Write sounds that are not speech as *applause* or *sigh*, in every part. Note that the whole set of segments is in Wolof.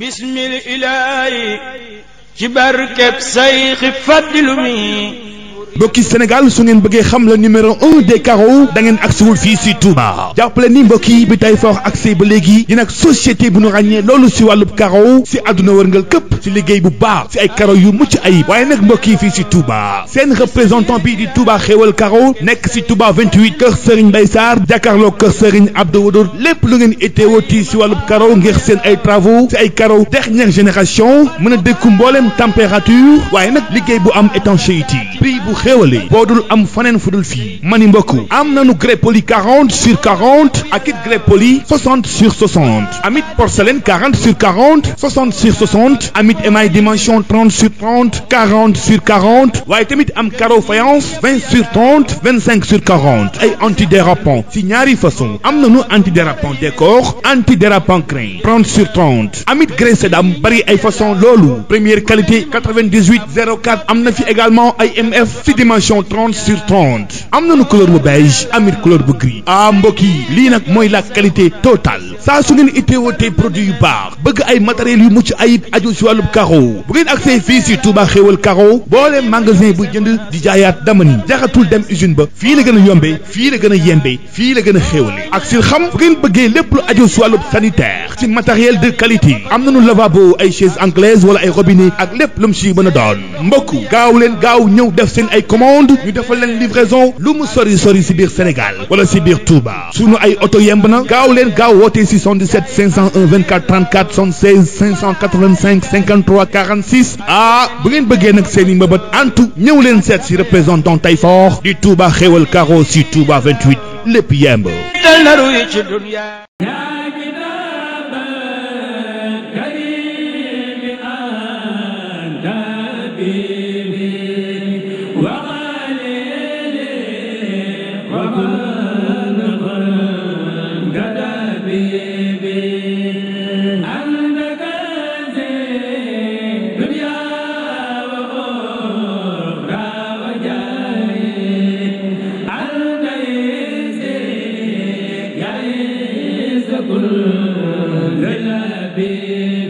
bismil ilaahi ci barkeb sayxi faddilu mi mbokki Sénégal su ngeen bëggee xam le numéro un de carreaux da ngeen agsiwul fii si Touba jàppale ni mbokk yi bi tay fort accès ba léegi yéen société bu nu ràññee loolu si wàllub carreau si àdduna wërngal këpp si liggéey bu baax si ay carreau yu mucc ayib waaye nag mbokk yi fii si Touba seen représentant bii di Touba xéwal carreau nekk si Touba 28 kër Serigne Mbaye Sarr jàkkaarloo kër Serigne Abdou Wadour lépp lu ngeen itteewoti si wàllub carreau ngir seen ay travaux si ay carreau dernière génération mën a dékku mbooleem température waaye nag liggéey bu am étanchéité prix bu xéewale boo dul am faneen fu dul fii mani mbokk am nanu grès poli 40 sur 40 akit grès poli 60 sur 60 amit porcelaine 40 sur 40 60 sur 60 amit émail dimension 30 sur 30 40 sur 40 waaye tamit am carreau faïence 20 sur 30 25 sur 40 ay antidérapant si ñaari façon am nanu antidérapant décor antidérapant crin 30 sur 30 amit grès sédam bari ay façon loolu première qualité 98 04 am na fi également ay ñetti dimension 30 sur 30 am nañu couleur bu beige amit couleur bu gris ah mbokk lii nag mooy la qualité totale saa su ngeen itteewatee produit yu baax bëgg ay matériels yu mucc ayib aju si wàllub carreau bu ngeen accès fii si Touba xéewal carreau boole magasin bu jënd di jaayaat dama ni jaxatul dem usine ba fii la gën a yombee fii la gën a yembee fii la gën a xéewale ak si xam bu ngeen bëggee lépp lu ajo si wàllub sanitaire ci matériel de qualité am na nañu lavabo ay chaise anglaise wala ay robinet ak lépp lu si mën a doon mbokk ay commande ñu defal leen livraison lu mu sori sori si biir Sénégal wala si biir Touba sunu ay oto yemb na gaaw leen gaaw woote 77 501 24 34 76 585 53 46 bu ngeen bëggee nag seen i mbëbët antu ñëw leen seet si représentant Tayfort di Touba xéwal caro si Touba 28 lépp yemb.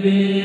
bi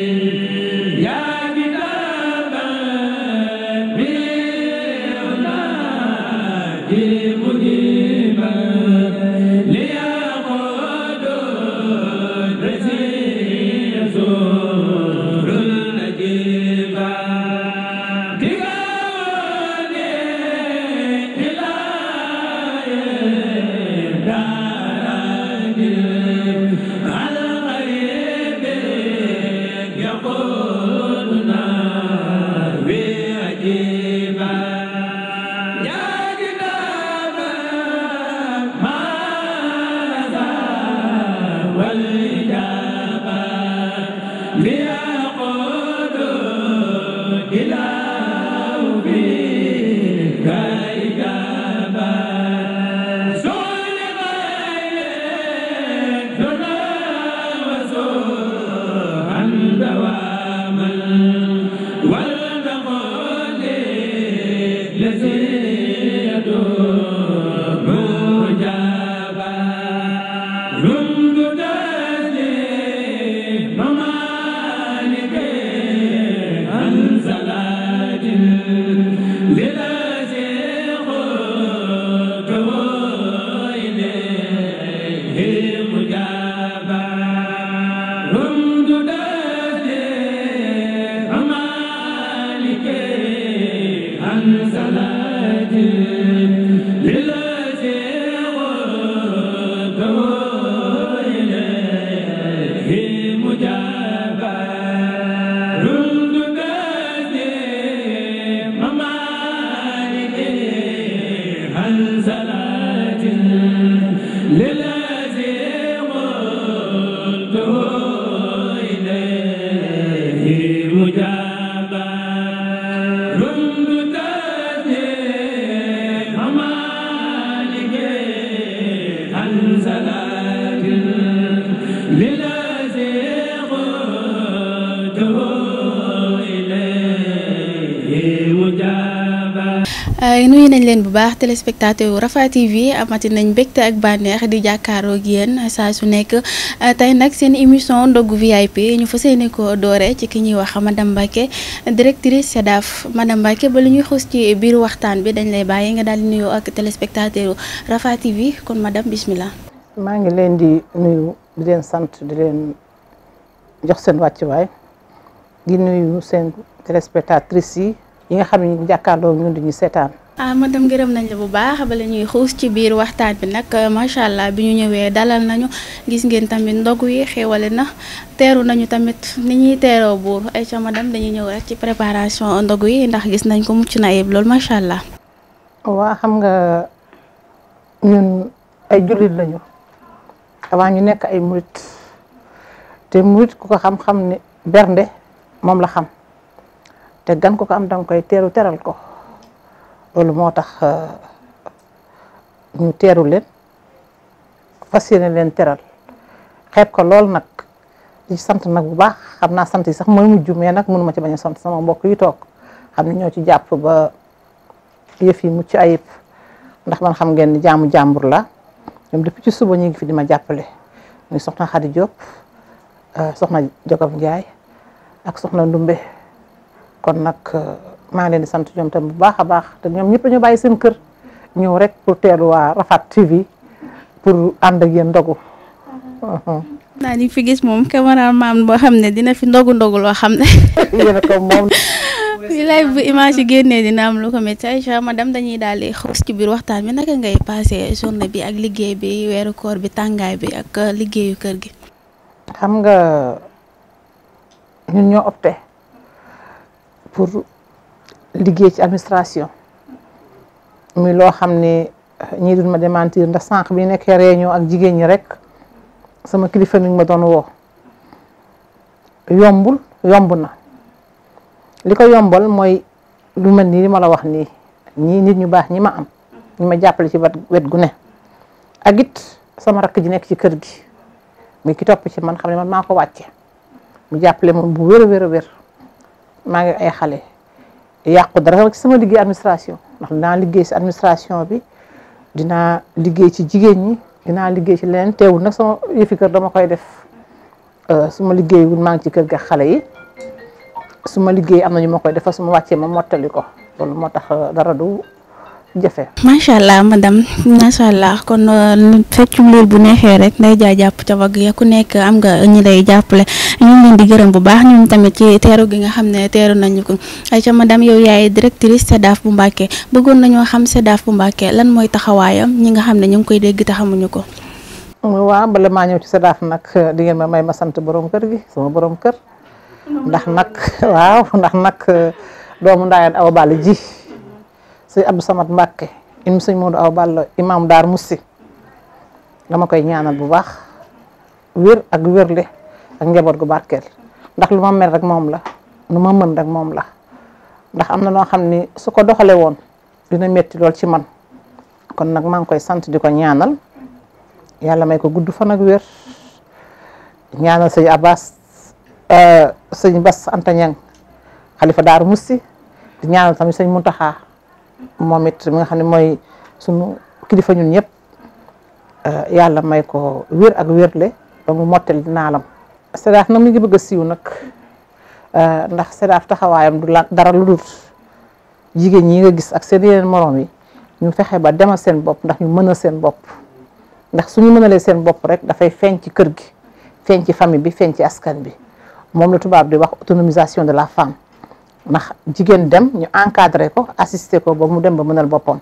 baax téléspectateur wu Rafah TV amati nañ mbégte ak bànneex di jàkkaaroo ak yéen saa su nekk euh, tey nag seen émission ndogu VIP ñu fa yéene ko doore ci ki ñuy wax madame Mbacké directrice SEDAF madame Mbacké ba lu ñuy xus ci biir waxtaan bi dañ lay bàyyi nga daal di nuyoo ak téléspectateur yu Rafah TV kon madame bismillah maa ngi leen di nuyu di leen sant di leen jox seen wàccuwaay di nuyu seen téléspectatrices yi yi nga xam ne ñu jàkkaarloo ñun di ñu seetaan. ah madame gërëm nañ la bu baax bala ñuy xuus ci biir waxtaan bi nag macha allah bi ñu ñëwee dalal nañu gis ngeen tamit ndog yi xéwale na teeru nañu tamit ni ñuy teeroo buur ay ca madame dañuy ñëw rek ci préparation ndog yi ndax gis nañ ko mucc na ayib loolu macha allah. waa xam nga ñun ay jullit lañu avant ñu nekk ay murit te murit ku ko xam-xam ni bernde moom la xam te gan ko ko am danga koy teeru teral ko. loolu moo tax euh, ñu teeru leen fas yéene leen teral xeeb ko lool nag di sant nag bu baax xam naa sant sax mooy mujj mais nag mënuma ci bañ a sant sama mbokk yi toog xam ne ñoo ci jàpp ba yëf mucc ayib ndax man xam ngeen ni jaamu jàmbur la ñoom depuis ci suba ñu ngi fi dima jàppale muy soxna Xadi Diop euh, soxna Jogob Ndiaye ak soxna Ndumbe kon nag euh, maa ngi leen di sant ñoom tam bu baax a baax te ñoom ñëpp ñu bàyyi seen kër ñëw rek pour teelu waa Rafat TV pour ànd ak yéen ndogu. Mhm. naa ni fi gis moom maam boo xam ne dina fi ndogu ndogu loo xam ne. *laughs* yéen ko moom. live bu image génnee dina am lu ko métti Aïcha madame dañuy daal di xuus ci biir waxtaan bi naka ngay passé journée bi ak liggéey bi weeru koor bi tàngaay bi ak euh, liggéeyu kër gi. xam nga ñun ñoo opté pour. liggéey ci administration muy loo xam ne ñii duñ ma démentir ndax sànq bi nekkee réunion ak jigéen ñi rek sama kilifa mi ma doon woo yombul yomb na li ko yombal mooy lu mel nii li ma la wax nii ñii nit ñu baax ñi ma am ñi ma jàppale ci wet gu ne ak it sama rakk ji nekk ci kër gi muy ki topp ci man xam ne man maa ko wàcce mu jàppale moom bu wér a wér a wér maa ngi ay xale yàqu dara sama ci sama liggéey administration ndax dinaa liggéey si administration bi dinaa liggéey ci jigéen ñi dinaa liggéey ci leen teewul nag sama yëfi kër dama koy def euh, su ma liggéeyul maa ngi ci kër ga xale yi su liggéey am na ñu ma koy defal su ma wàccee ma mottali ko loolu moo tax euh, dara du jafe. macha allah madame macha allah kon euh, feccu liir bu neexee rek nday jaay jàpp ca wagg ya ku nekk am nga ñi lay jàppale. ñu ngi leen di gërëm bu baax ñun tamit ci teeru gi nga xam ne teeru nañu ko ayca madame yow yaay directrice SEDAF bu Mbàkke bëggoon nañoo xam SEDAF bu Mbàkke lan mooy taxawaayam ñi nga xam ne ñu ngi koy dégg te xamuñu ko. waaw bala maa ñëw ci SEDAF nag di ngeen may ma sant borom kër gi sama borom kër ndax nag waaw ndax nag doomu ndaayaan awa bàll ji sëñ Abdou Samad Mbàkke im sëñ Moodu aw bàll imam daar Moussi dama koy ñaanal bu baax wér ak wérle ak njaboot gu barkeel ndax lu ma mel rek moom la lu ma mën rek moom la ndax am na noo xam ni su ko doxalee woon dina metti lool ci man kon nag maa ngi koy sant di ko ñaanal yàlla may ko gudd fan ak wér ñaanal sëñ Abbas eh, sëñ bas Anta Niang xalifa Daaru Musti di ñaanal tamit sëñ Muntaxa moom it nga xam ne mooy sunu kilifa ñun ñëpp eh, yàlla may ko wér ak wérle ba mu mottali naalam Sedaaf nag mi ngi bëgg a siiw nag eh, ndax Sedaaf taxawaayam du la dara lu dul jigéen ñi nga gis ak seen yeneen morom yi ñu fexe ba demal seen bopp ndax ñu mënal seen bopp ndax su suñu mënalee seen bopp rek dafay feeñ ci kër gi feeñ ci famille bi feeñ ci askan bi moom la tubaab di wax autonomisation de la femme ndax jigéen dem ñu encadré ko assister ko ba mu dem ba mënal boppam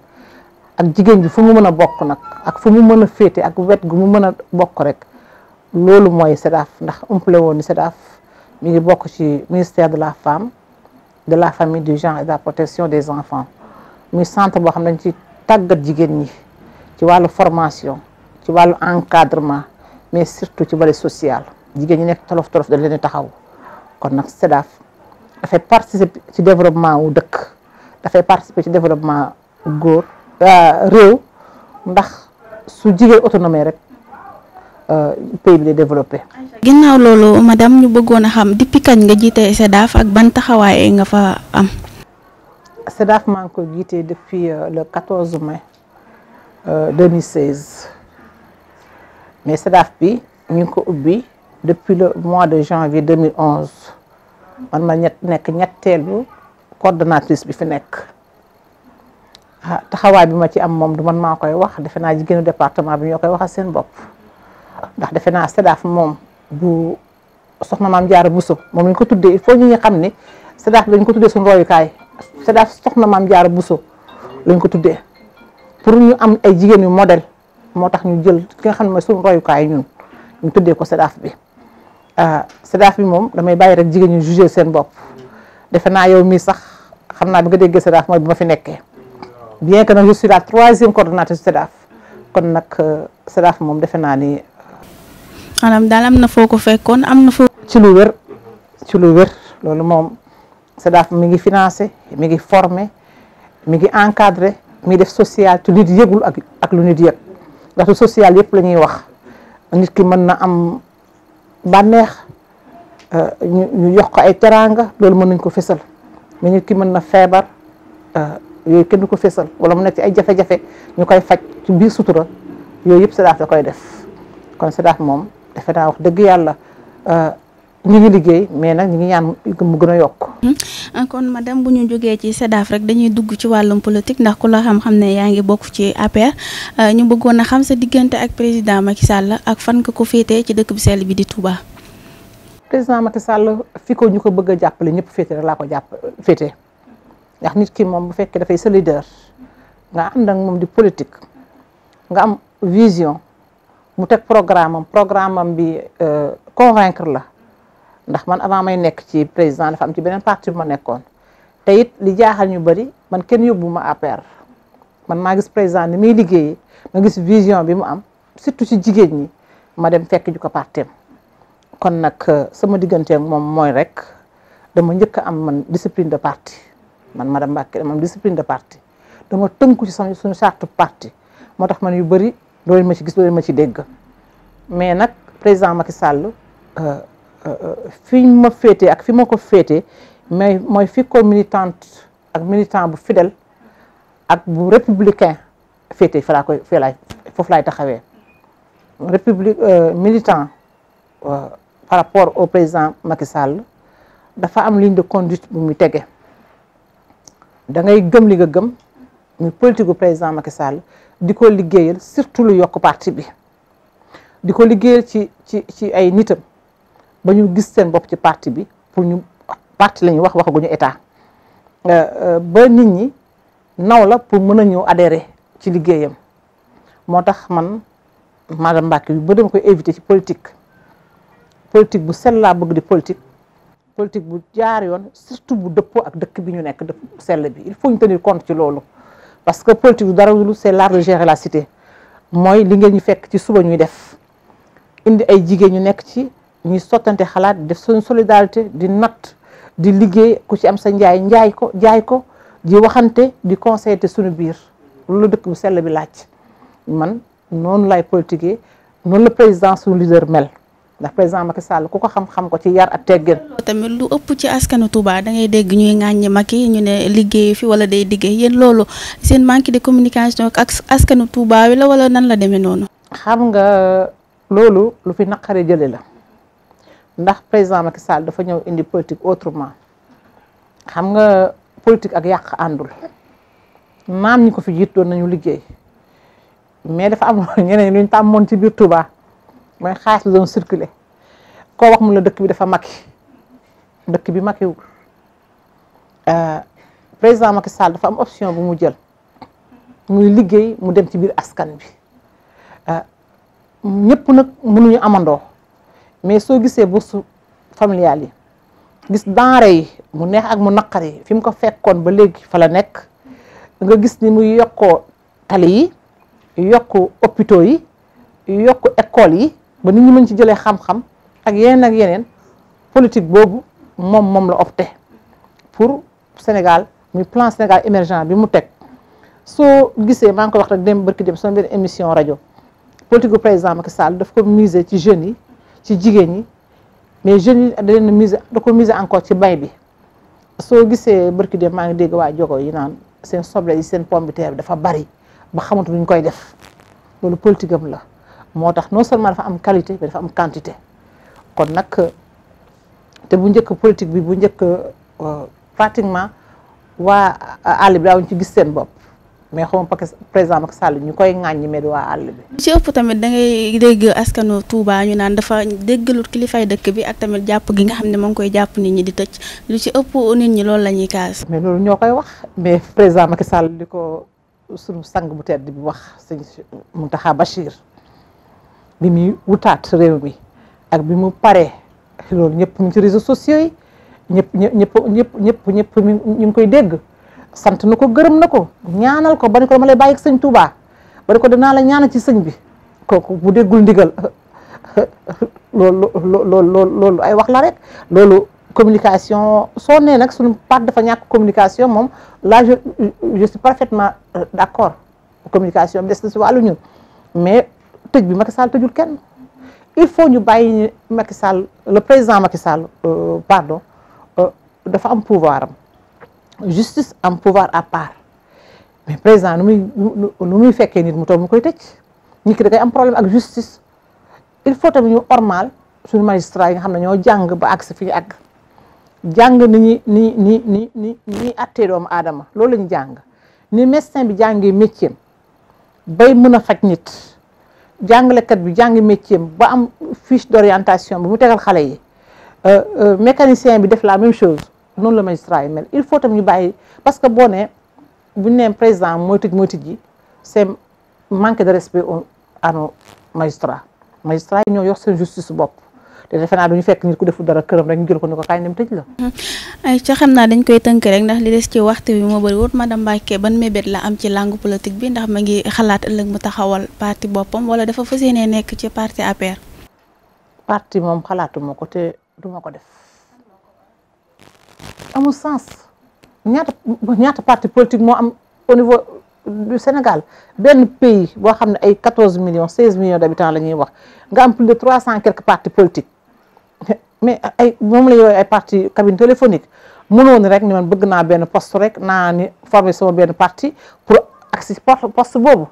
ak jigéen ji fu mu mën a bokk nag ak fu mu mën a féete ak wet gu mu mën a bokk rek loolu mooy SEDAF ndax umpale woon ni SEDAF mi ngi bokk ci ministère de la femme de la famille du genre et de la protection des enfants muy centre boo xam ne dañ ci tàggat jigéen ñi ci wàllu formation ci wàllu encadrement mais surtout ci volet social jigéen ñi nekk tolof tolof dañ leen taxaw kon nag SEDAF dafay participer ci développement wu dëkk dafay participer ci développement góor euh, réew ndax su jigéen autonomie rek Euh, pays bi di développé. ginnaaw loolu madame ñu bëggoon a xam depuis kañ nga jiite SEDAF ak ban taxawaay nga fa am. SEDAF maa ngi ko jiitee depuis euh, le 14 mai 2016 euh, mais SEDAF bi ñu ngi ko ubbi depuis le mois de janvier 2011 man ma ñett nekk ñetteelu coordonnatrice bi fi nekk. ah taxawaay bi ma ci am moom du man maa koy wax defe naa jigéenu département bi ñoo koy waxal seen bopp. ndax defe naa SEDAF moom bu soxna maam Jaara Buso moom lañ ko tuddee il faut ñu xam ne SEDAF dañ ko tuddee suñu royukaay SEDAF soxna maam Jaara Buso lañ ko tuddee pour ñu am ay jigéen yu model moo tax ñu jël ki xam ne mooy suñu royukaay ñun ñu tuddee ko SEDAF bi ah, SEDAF bi moom damay bàyyi rek jigéen ñu jugé seen bopp defe naa yow mii sax xam naa bi nga déggee SEDAF mooy bi ma fi nekkee bien que nag je suis la troisième coordonnatrice kon nag euh, SEDAF maanaam daal am na foo ko fekkoon am na foo. ci lu wér ci lu loolu moom SEDAF mi ngi financé mi ngi formé mi ngi encadré mi ngi def social ci nit yëgul ak ak lu nit yëg ndax lu social yëpp la wax nit ki mën na am bànneex euh, ñu yokk ay teraanga loolu mën nañ ko fésal mi nit ki mën na feebar euh, yooyu kenn du ko fesal wala mun nekk ci ay jafe-jafe ñu koy faj ci biir sutura yooyu yëpp SEDAF koy def kon SEDAF moom. defe naa dëgg yàlla euh, ñu ngi liggéey mais nag ñu ngi ñaan mu gën a yokk. Hmm. kon madame bu ñu jógee ci SEDAF rek dañuy dugg ci wàllum politique ndax ku la xam-xam ne yaa ngi bokk ci APR euh, ñu bëggoon a xam sa diggante ak président Macky Sall ak fan nga ko féetee ci dëkk bi sell bi di Touba. président Macky Sall fi ko ñu ko bëgg a jàppale ñëpp féete rek laa ko jàpp féete ndax nit ki moom bu fekkee dafay solidaire nga am ak moom di politique nga am vision. mu teg programme am programme am bi euh, convaincre la ndax man avant may nekk ci président dafa am ci beneen parti bu ma nekkoon te it li jaaxal ñu bëri man kenn yóbbu ma APR man maa gis président ni muy liggéeyee ma gis vision bi mu am surtout ci jigéen ñi ma dem fekk ju ko partem kon nag euh, sama diggante moom mooy rek dama njëkk am man discipline de parti man madame Mbacké dama am discipline de parti dama tënku ci sama suñu charte parti moo tax man yu bëri loo ma ci gis loo ma ci dégg mais nag président Macky Sall euh, euh, fi ma féetee ak fi ma ko féetee mais mooy fi ko militante ak militant bu fidèle ak bu républicain féete fa laa foofu laay taxawee république euh, militant par rapport au président Macky Sall dafa am ligne de conduite bu muy tege da ngay gëm li nga gëm muy politique gu président Macky Sall di ko liggéeyal surtout lu yokk parti bi di ko liggéeyal ci ci ci ay nitam ba ñu gis seen bopp ci parti bi pour ñu parti lañuy ñuy wax waxaguñu état euh, euh, ba nit ñi naw la pour mën a ñëw adhérer ci liggéeyam moo tax man madame Mbacke bi ba dama koy éviter ci politique politique bu sell laa bëgg di politique politique bu jaar yoon surtout bu dëppoo ak dëkk bi ñu nekk dëpp sell bi il faut ñu tenir compte ci loolu parce que politique du dara lu c'est l'art de gérer mooy li ngeen ñu fekk ci suba ñuy def indi ay jigéen ñu nekk ci ñuy sottante xalaat def suñu solidarité di natt di liggéey ku ci am sa njaay njaay ko jaay ko di waxante di conseiller te suñu biir loolu dëkk bu sell bi laaj man noonu lay politiquer noonu la président suñu leader mel ndax président Macky Sall ku ko xam-xam ko ci yar ak teggin. tamit lu ëpp ci askanu Touba da ngay dégg ñuy ŋàññi Macky ñu ne liggéey fi wala day liggéey yéen loolu seen manque de communication ak askanu Touba wi la wala nan la demee noonu. xam nga loolu lu fi naqaree jële la ndax président Macky Sall dafa ñëw indi politique autrement xam nga politique ak yàq àndul maam ñi ko fi jiitoon nañu liggéey mais dafa am *laughs* ñeneen luñ tàmmoon ci biir Touba. mooy xaalis bi doon circulé koo wax mu la dëkk bi dafa makki dëkk bi makkiwul euh, président Macky Sall dafa am option bu mu jël muy liggéey mu dem ci biir askan bi euh, ñëpp nag mu ñu amandoo mais soo gisee bourse familiale yi gis denrée yi mu neex ak mu naqar yi fi mu ko fekkoon ba léegi fa la nekk nga gis ni muy yokkoo tali yi yokku opito yi yokku école yi ba nit ñi mën ci jëlee xam-xam ak yeneen ak yeneen politique boobu moom moom la opté pour Sénégal muy plan Sénégal émergent bi mu teg soo gisee maa ngi ko wax rek dem barki dem sama benn émission rajo politique bu président Macky Sall daf ko miser ci jeunes yi ci jigéen ñi mais jeunes yi da leen miser da ko miser encore ci bay bi soo gisee barki dem maa ngi dégg waa jogo yi naan seen soble yi seen pomme terre bi dafa bari ba xamatu ñu koy def loolu politique am la moo tax non seulement dafa am qualité mais dafa am quantité kon nag te bu njëkk politique bi bu njëkk euh, pratiquement waa euh, àll bi daawuñu ci gis seen bopp mais xaw ma Sall ñu koy ŋàññi waa àll bi. ci ëpp tamit da ngay dégg askanu Touba ñu naan dafa déggalul kilifay dëkk bi ak tamit jàpp gi nga xam ne moo ngi koy jàpp nit ñi di tëj lu ci ëpp nit ñi loolu lañuy ñuy kaas. mais loolu ñoo koy wax mais président Macky Sall li ko sunu sang bu tedd bi wax sëñ Mountakha Bachir. bi muy wutaat réew mi ak bi mu paree loolu ñëpp mu ci réseaux sociaux yi ñëpp ñëpp ñëpp ñëpp ñëpp ñu ngi koy dégg sant nu ko gërëm na ko ñaanal ko ba ko dama lay bàyyi sëñ Touba ba ne ko dinaa la ñaanal ci sëñ bi kooku bu déggul ndigal *laughs* loolu loolu loolu ay wax la rek loolu communication soo nee nag suñu par dafa ñàkk communication moom la je je suis parfaitement euh, d'accord communication des na si wàllu ñun tëj bi Macky Sall tëjul kenn il faut ñu bàyyi Macky Sall le président Macky Sall euh, pardon euh, dafa am pouvoir am justice am pouvoir à part mais président nu muy fekkee nit mu toog mu koy tëj nit ki da am problème ak justice il faut tamit ñu ormal suñu magistrat yi nga xam ne ñoo jàng ba àgg si fi ñu àgg jàng ni ñi ni ni ni ni ñuy attee doomu loolu la ñu jàng ni médecin bi jàngee métier bay mën a faj nit jàngalekat bi jàng métier ba am fiche d'orientation bi mu tegal xale yi euh, euh, mécanicien bi def la même chose noonu la magistrat yi mel il faut tam ñu bàyyi parce que boo nee bu ñu président mooy tëj mooy tëj ji c'est manque de respect à nos magistrats magistrats yi ñoo yor seen justice bopp. te defe naa duñu fekk nit ku defu dara këram rek ñu jël ko ni ko kaay dem tëj la. ay ca xam naa dañ koy tënk rek ndax li des ci waxtu bi moo bëriwut da Mbacké ban mébét la am ci langue politique bi ndax ma ngi xalaat ëllëg mu taxawal parti boppam wala dafa fas nekk ci parti APR. parti moom xalaatuma ko te duma ko def amul sens ñaata ñaata parti politique moo am au niveau. du Sénégal benn pays boo xam ne ay 14 millions 16 millions d'habitants la ñuy wax nga am plus de 300 quelques partis politiques *laughs* mais ay moom la ñu ay parti cabine téléphonique mënoo ni rek ni man bëgg naa benn post rek naa ni former sama benn parti pour accès poste boobu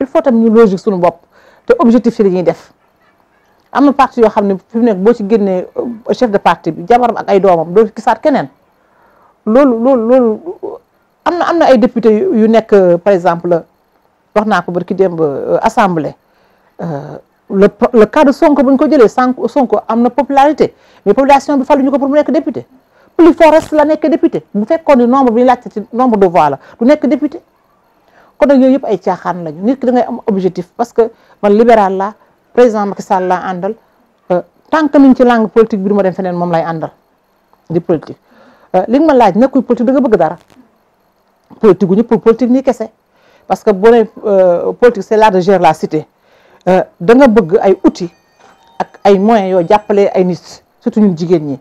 il faut tam ñu logique sunu bopp te objectif yi la ñuy def am na parti yoo xam ne fi mu nekk boo ci génnee euh, chef de parti bi jabaram ak ay doomam doo gisaat keneen loolu loolu loolu am na am na ay député yu nekk euh, par exemple wax naa ko barki démb euh, assemblée euh, le le cas de Sonko bu ñu ko jëlee Sonko Sonko am na popularité mais population bi faluñu ko pour mu nekk député plus fort la nekk député bu fekkoon ni nombre bi ñu ci nombre de voix la du nekk député kon nag yooyu yëpp ay caaxaan lañu nit ki da ngay am objectif parce que man libéral la président Macky Sall laa àndal tant que mi ci langue politique bi du ma dem feneen moom lay àndal di politique li ma laaj nekkul politique da nga bëgg dara politique gu ñu pour politique ni kese parce que boo nee euh, politique c'est l'art de gérer la cité euh, da nga bëgg ay outils ak ay moyens yoo jàppale ay nit surtout ñun jigéen ñi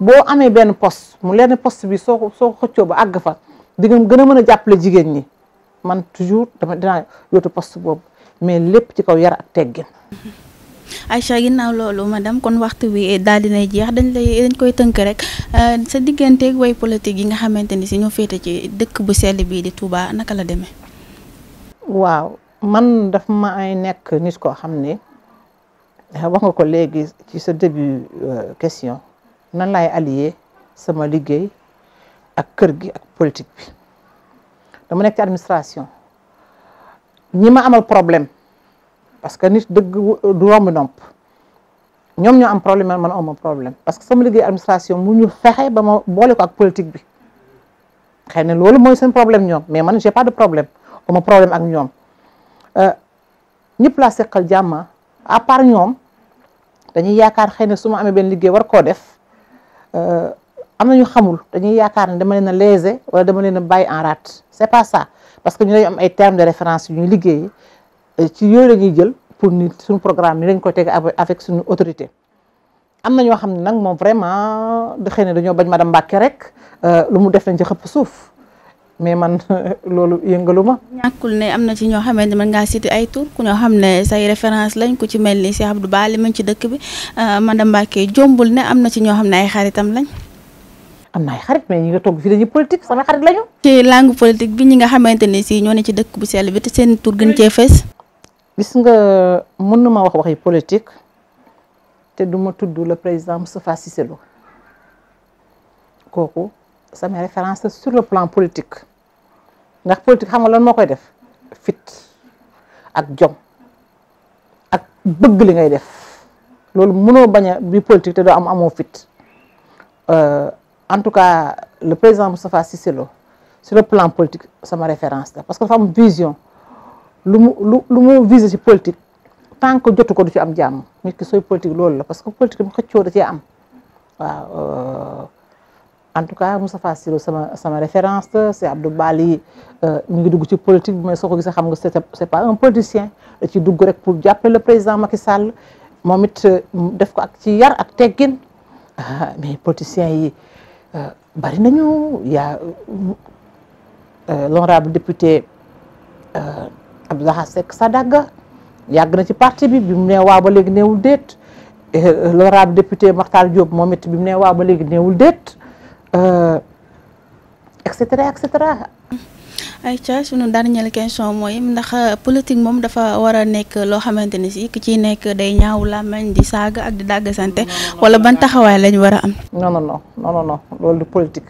boo amee benn poste mu leen poste bi soo soo xëccoo ba àgg fa di nga gën a mën a jàppale jigéen ñi man toujours dama dina yootu poste boobu mais lépp ci kaw yar ak teggin ay Aïcha ginnaaw loolu ma dem kon waxtu bi daal dinay jeex dañ lay dañ koy tënk rek euh, sa diggante way politique yi nga xamante ni si ñoo féete ci dëkk bu sell bii di Touba naka la demee. waaw man daf ma ay nekk nit koo xam ne *laughs* wax nga ko léegi ci sa début euh, question nan laay allier sama liggéey ak kër gi ak politique bi dama nekk ci administration ñi ma amal problème. parce que nit dëgg du romb nopp ñoom ñoo am problème man man amoo problème parce que sama liggéey administration mu ñu fexe ba ma boole ko ak politique bi xëy na loolu mooy seen problème ñoom mais man j'ai pas de problème ama problème ak ñoom euh, ñëpp laa seqal jàmma à part ñoom xëy na su ma amee benn liggéey war koo def euh, am na ñu xamul dañuy yaakaar ne dama leen a léser dama leen a bàyyi en rate c'est pas ça parce que ñu dañu am ay termes de référence yu ñuy liggéey Euh, ci yooyu la jël pour ni suñu programme ni dañ ko teg avec suñu autorité am na ñoo xam ne nag moom vraiment xëy na dañoo bañ madame Mbacke rek euh, lu mu def nañ ci xëpp suuf mais man *laughs* loolu yëngalu ma. ñàkkul ne am na ci ñoo xamante ne ngaa cité ay tur ku ñoo xam ne say référence lañ ku ci mel ni Cheikh Abdou Bali mën ci dëkk bi euh, madame Mbacke jombul ne am na ci ñoo xam ne ay xaritam lañ. am na ay xarit mais ñi nga toog fii dañuy politique sama xarit lañu. ci langue politique bi ñi nga xamante ne si ñoo ne ci dëkk bu sell bi te seen tur gën cee fees. gis nga mën na ma wax waxi politique te duma tudd le président Moustapha Cissé Lô kooku sama référence sur le plan politique ndax politique xam nga lan moo koy def fit ak jom ak bëgg li ngay def loolu mënoo bañ a bi politique te doo am amoo fit euh, en tout cas le président Moustapha Cissé Lô sur le plan politique sama référence la parce que dafa am vision lu mu lu lu mu visé ci politique tant que jotu ko du ci am jàmm nit ki sooy politique loolu la parce que politique mu xëccoo da cee am waaw euh, en tout cas Moustapha Cissé Lô sama sama référence la c'est Bali euh, mi ngi dugg ci politique bi mais soo ko gisee xam nga c'est pas un politicien da ci dugg rek pour jàppale le président Macky Sall moom it euh, def ko ak ci yar ak teggin ah, mais politiciens yi bari nañu y a l'honorable député. Abdoulaye Seck Sadaga yàgg na ci parti bi bi mu nee waaw ba léegi neewul déet eh, l'honorable député Makhtar Diop moom it bi mu nee waaw ba léegi neewul déet euh, et cetera et cetera. Aïcha sunu dernière question mooy ndax politique moom dafa war a nekk loo xamante ni si ki ciy nekk day ñaaw làmmiñ di saaga ak di dàggasante wala ban taxawaay lañ war a am. non non non loolu du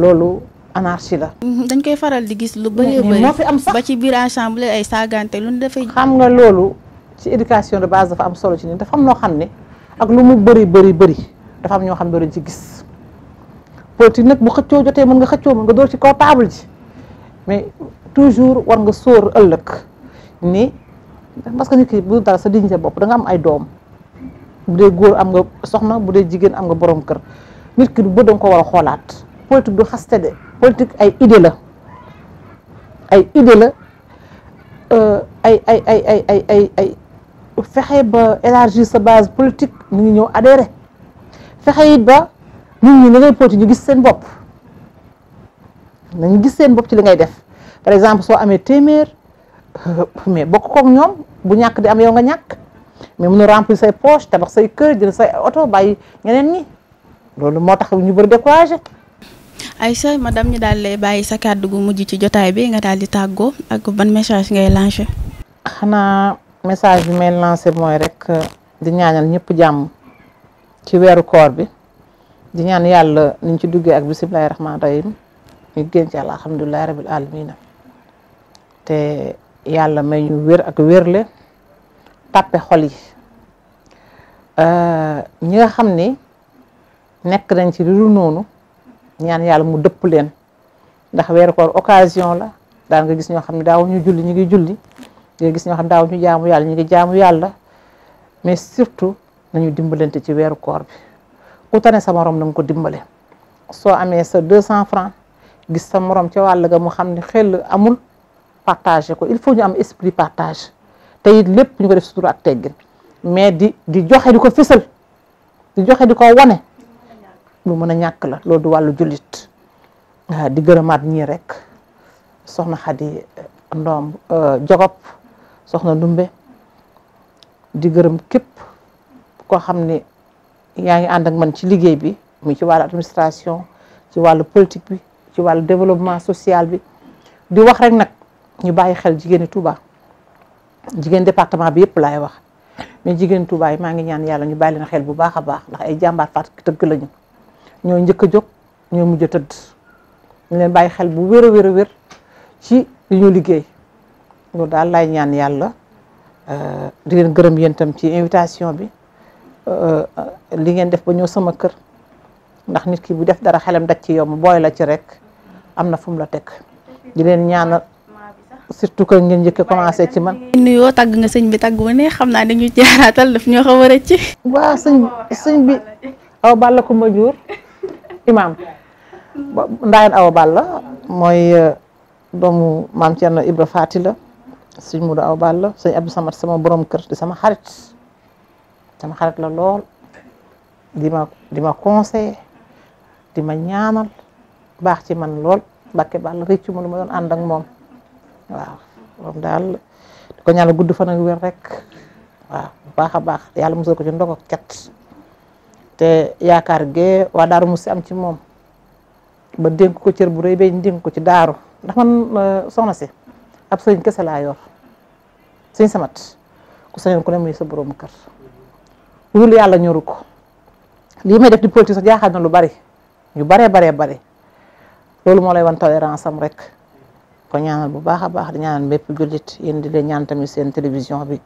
loolu. anarchie la. Mhm, dañ koy faral di gis lu bëree bëri fi am sax ba ci biir assemblée ay saagante lu dafay. xam nga loolu ci éducation de base dafa am solo ci ni dafa am noo xam ne ak lu mu bëri bëri bëri dafa am ñoo xam ne duñ ci gis. politique nag bu xëccoo jotee mën nga xëccoo mën nga dóor ci kaw table ji mais toujours war nga sóor ëllëg ni parce que nit ki bu dara sa dignité bopp danga am ay doom bu dee góor am nga soxna bu dee jigéen am nga borom kër nit ki bu da nga ko war a xoolaat. politique du xaste de politique ay idée la ay idée la euh, ay ay ay ay ay ay ay fexe ba élargir sa base politique mu ngi ñëw adhéré fexe it ba nit ñi da ngay politique ñu gis seen bopp nañu gis seen bopp ci li ngay def par exemple soo amee téeméer euh, mais bokk kook ñoom bu ñàkk di am yow nga ñàkk mais mën a remplir say poche tabax say kër jël say oto bay ñeneen ñi loolu moo tax ñu bëri découragé ay Aïcha madame ñu daal lay bàyyi sa kàddu gu mujj ci jotaay bi nga daal di tàggoo ak ban message ngay lancé. xanaa message bi may lancé mooy rek di ñaanal ñëpp jàmm ci weeru koor bi di ñaan yàlla niñ ci duggee ak bisimilahi rahmaani rahim ñu génn ci alhamdulilahi rabil alamina te yàlla may ñu wér ak wérle tàppe xol yi ñi nga xam ni nekk nañ ci lu noonu. ñaan yàlla mu dëpp leen ndax weeru koor occasion la daan gis ñoo xam ne daaw ñu julli ñu ngi julli nga gis ñoo xam ne daaw ñu jaamu yàlla ñu ngi jaamu yàlla mais surtout nañu dimbalante ci weeru koor bi ku tane sa moroom na nga ko dimbale soo amee sa 200 francs gis sa moroom ca wàll ga mu xam ne xel amul partagé ko il faut ñu am esprit partage te it lépp ñu ko def sutura ak teggin mais di di joxe di ko fësal di joxe di ko wane lu mën a ñàkk la loolu du wàllu jullit ah, di gërëmaat ñii rek soxna Xadi ndoom euh, jogop soxna Ndumbe di gërëm képp koo xam ne yaa ngi ànd ak man ci liggéey bi muy ci wàllu administration ci wàllu politique bi ci wàllu développement social bi di wax rek nag ñu bàyyi xel jigéeni Touba jigéen département bi yëpp laay wax mais jigéen Touba yi maa ngi ñaan yàlla ñu bàyyi leen xel bu baax a baax ndax ay jàmbaar faat dëgg lañu ñoo njëkk a jóg ñoo mujj a tëdd ñu leen bàyyi xel bu wér a wér a wér ci li ñu liggéey loolu daal laay ñaan yàlla euh, di leen gërëm yéen tam ci invitation bi euh, li ngeen def ba ñëw sama kër ndax nit ki bu def dara xelam daj ci yow mu booy la ci rek am na fu mu la teg di leen ñaanal surtout que ngeen njëkk a commencé ci man. nuyoo tagg nga sëñ bi tàgg wu ne xam naa dañuy jaaraatal daf ñoo xaw ci rëcc. waaw sëñ sëñ bi aw bàll ko ma jur. imaam ndaayan awa Balla mooy euh, doomu maam Thierno Ibra Faati la sëñ Mudu aw Balla sëñ Abdou Samad sama borom kër di sama xarit sama xarit la lool di ma di ma conseiller di ma ñaanal baax ci man lool Mbàkke Balla rëccu ma lu ma doon ànd ak moom waaw daal ko ñaanal gudd fan ak wér rek waaw baax a baax yàlla musal ko ci ndog ak te yaakaar gee waa daaru musi am ci moom ba dénk ko cër bu rëy bay dénk ko ci daaru ndax man soxna si ab sëriñ kese laa yor sëriñ samat ku sañoon ku ne muy sa borom kër loolu yàlla ñoru ko lii may def di politique sax jaaxal na lu bari ñu baree baree bari loolu moo lay wan tolérance am rek ko ñaanal bu baax a baax di ñaanal bépp jullit yéen di leen ñaan seen télévision bi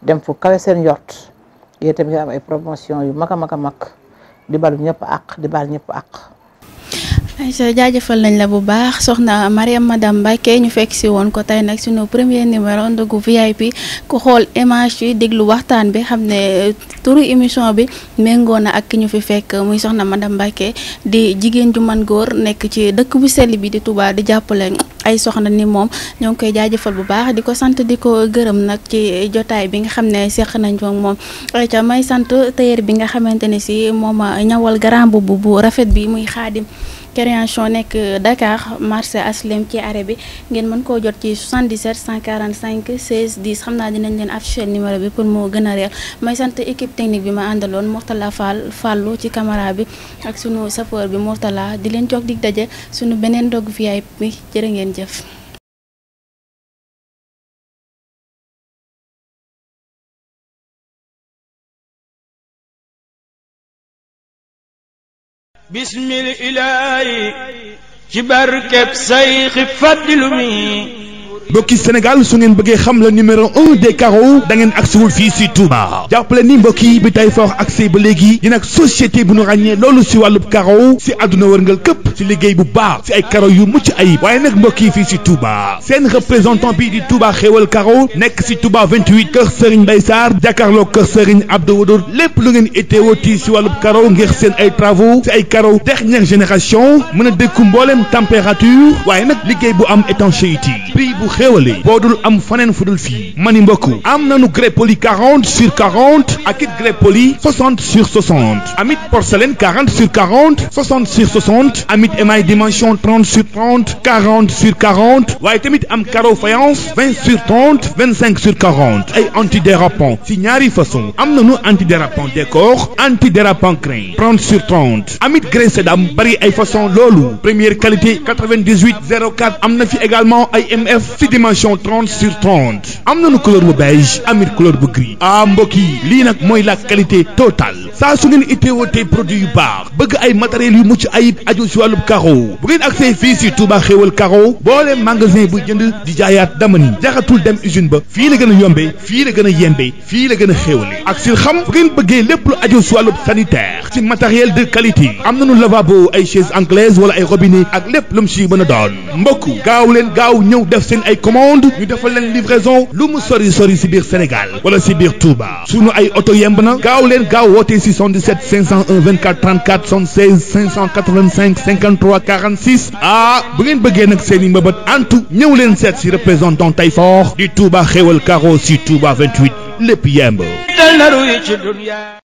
dem fu kawe seen yort yéen tamit am ay promotion yu mag a mag di balu ñëpp àq di bal ñëpp àq. Aïcha jaajëfal nañ la bu baax soxna Mariam madame Mbacké ñu fekk si woon ko tey nag suñu premier numéro ndogu VIP ku xool image yi déglu waxtaan bi xam ne euh, turu émission bi méngoo na ak ki ñu fi fekk muy soxna madame Mbacké di jigéen ju góor nekk ci dëkk bu sell bi di Touba di jàppale ay soxna ni moom ñoo ngi koy jaajëfal bu baax di ko sant di ko gërëm nag ci jotaay bi nga xam ne seq nañ fa moom ca may sant tailleur bi nga xamante ne si moom ñawal garambu bu bu rafet bi muy xaadim création nekk Dakar marché aslem ci arrêt bi ngeen mën koo jot ci 77 145 16 10 xam naa dinañ leen afficher numéro bi pour moo gën a réer may sant équipe technique bi ma àndaloon Mourtala faal Fallu ci caméra bi ak sunu sapeur bi Mourtala di leen jox di daje sunu beneen dog VIP bi jërë ngeen jëf. bismil ilaahi ci barkeb sayxi faddilu mi mbokki Sénégal su ngeen bëggee xam le numéro un de carreaux da ngeen agsiwul fii si Touba jàppale ni mbokk yi bi tay fort accès ba léegi yéen ak société bu nu ràññee loolu si wàllub carreau si àdduna wërngal këpp si liggéey bu baax si ay carreau yu mucc ayib waaye nag mbokk yi fii si Touba seen représentant bii di Touba xéwal carreau nekk si Touba 28 kër Serigne Mbaye Sarr jàkkaarloo kër Serigne Abdou Wadour lépp lu ngeen itteewoti si wàllub carreau ngir seen ay travaux si ay carreau dernière génération mën a dékku mbooleem température waaye nag liggéey bu am étanchéité prix bu xéewale boo dul am faneen fu dul fii mani mbokk am nanu grès poli 40 sur 40 akit grès poli 60 sur 60 amit porcelaine 40 sur 40 60 sur 60 amit émail dimension 30 sur 30 40 sur 40 am carreau faïence 20 sur 30 25 sur 40 ay antidérapant si ñaari façon am nanu antidérapant décor antidérapant crin 30 sur 30 amit grès sédam bari ay façon loolu première qualité 98 04 am na fi également ay ñetti dimension 30 sur 30 am nañu couleur bu beige amit couleur bu gris ah mbokk yi lii nag mooy la qualité totale saa su ngeen itteewatee produit yu baax bëgg ay matériels yu mucc ayib aju si wàllub carreau bu ngeen accès fii si Touba xéewal carreau boole magasin bu jënd di jaayaat dama ni jaxatul dem usine ba fii la gën a yombee fii la gën a yembee fii la gën a xéewale ak si xam bu ngeen bëggee lépp lu aju si wàllub sanitaire ci matériel de qualité am na nañu lavabo ay chaise anglaise wala ay robinet ak lépp lu si mën a doon ay commande ñu defal leen livraison lu mu sori sori si biir Sénégal wala si biir Touba sunu ay oto yemb na gaaw leen gaaw woote 77 501 24 34 76 585 53 46 ah bu ngeen bëggee nag seen i mbëbët antu ñëw leen seet si représentant Tayfort di Touba xéwal caro si Touba 28 lépp yemb